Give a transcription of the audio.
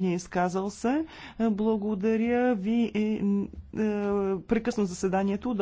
Не изказал се. Благодаря ви. Е, е, Прекъсно заседанието.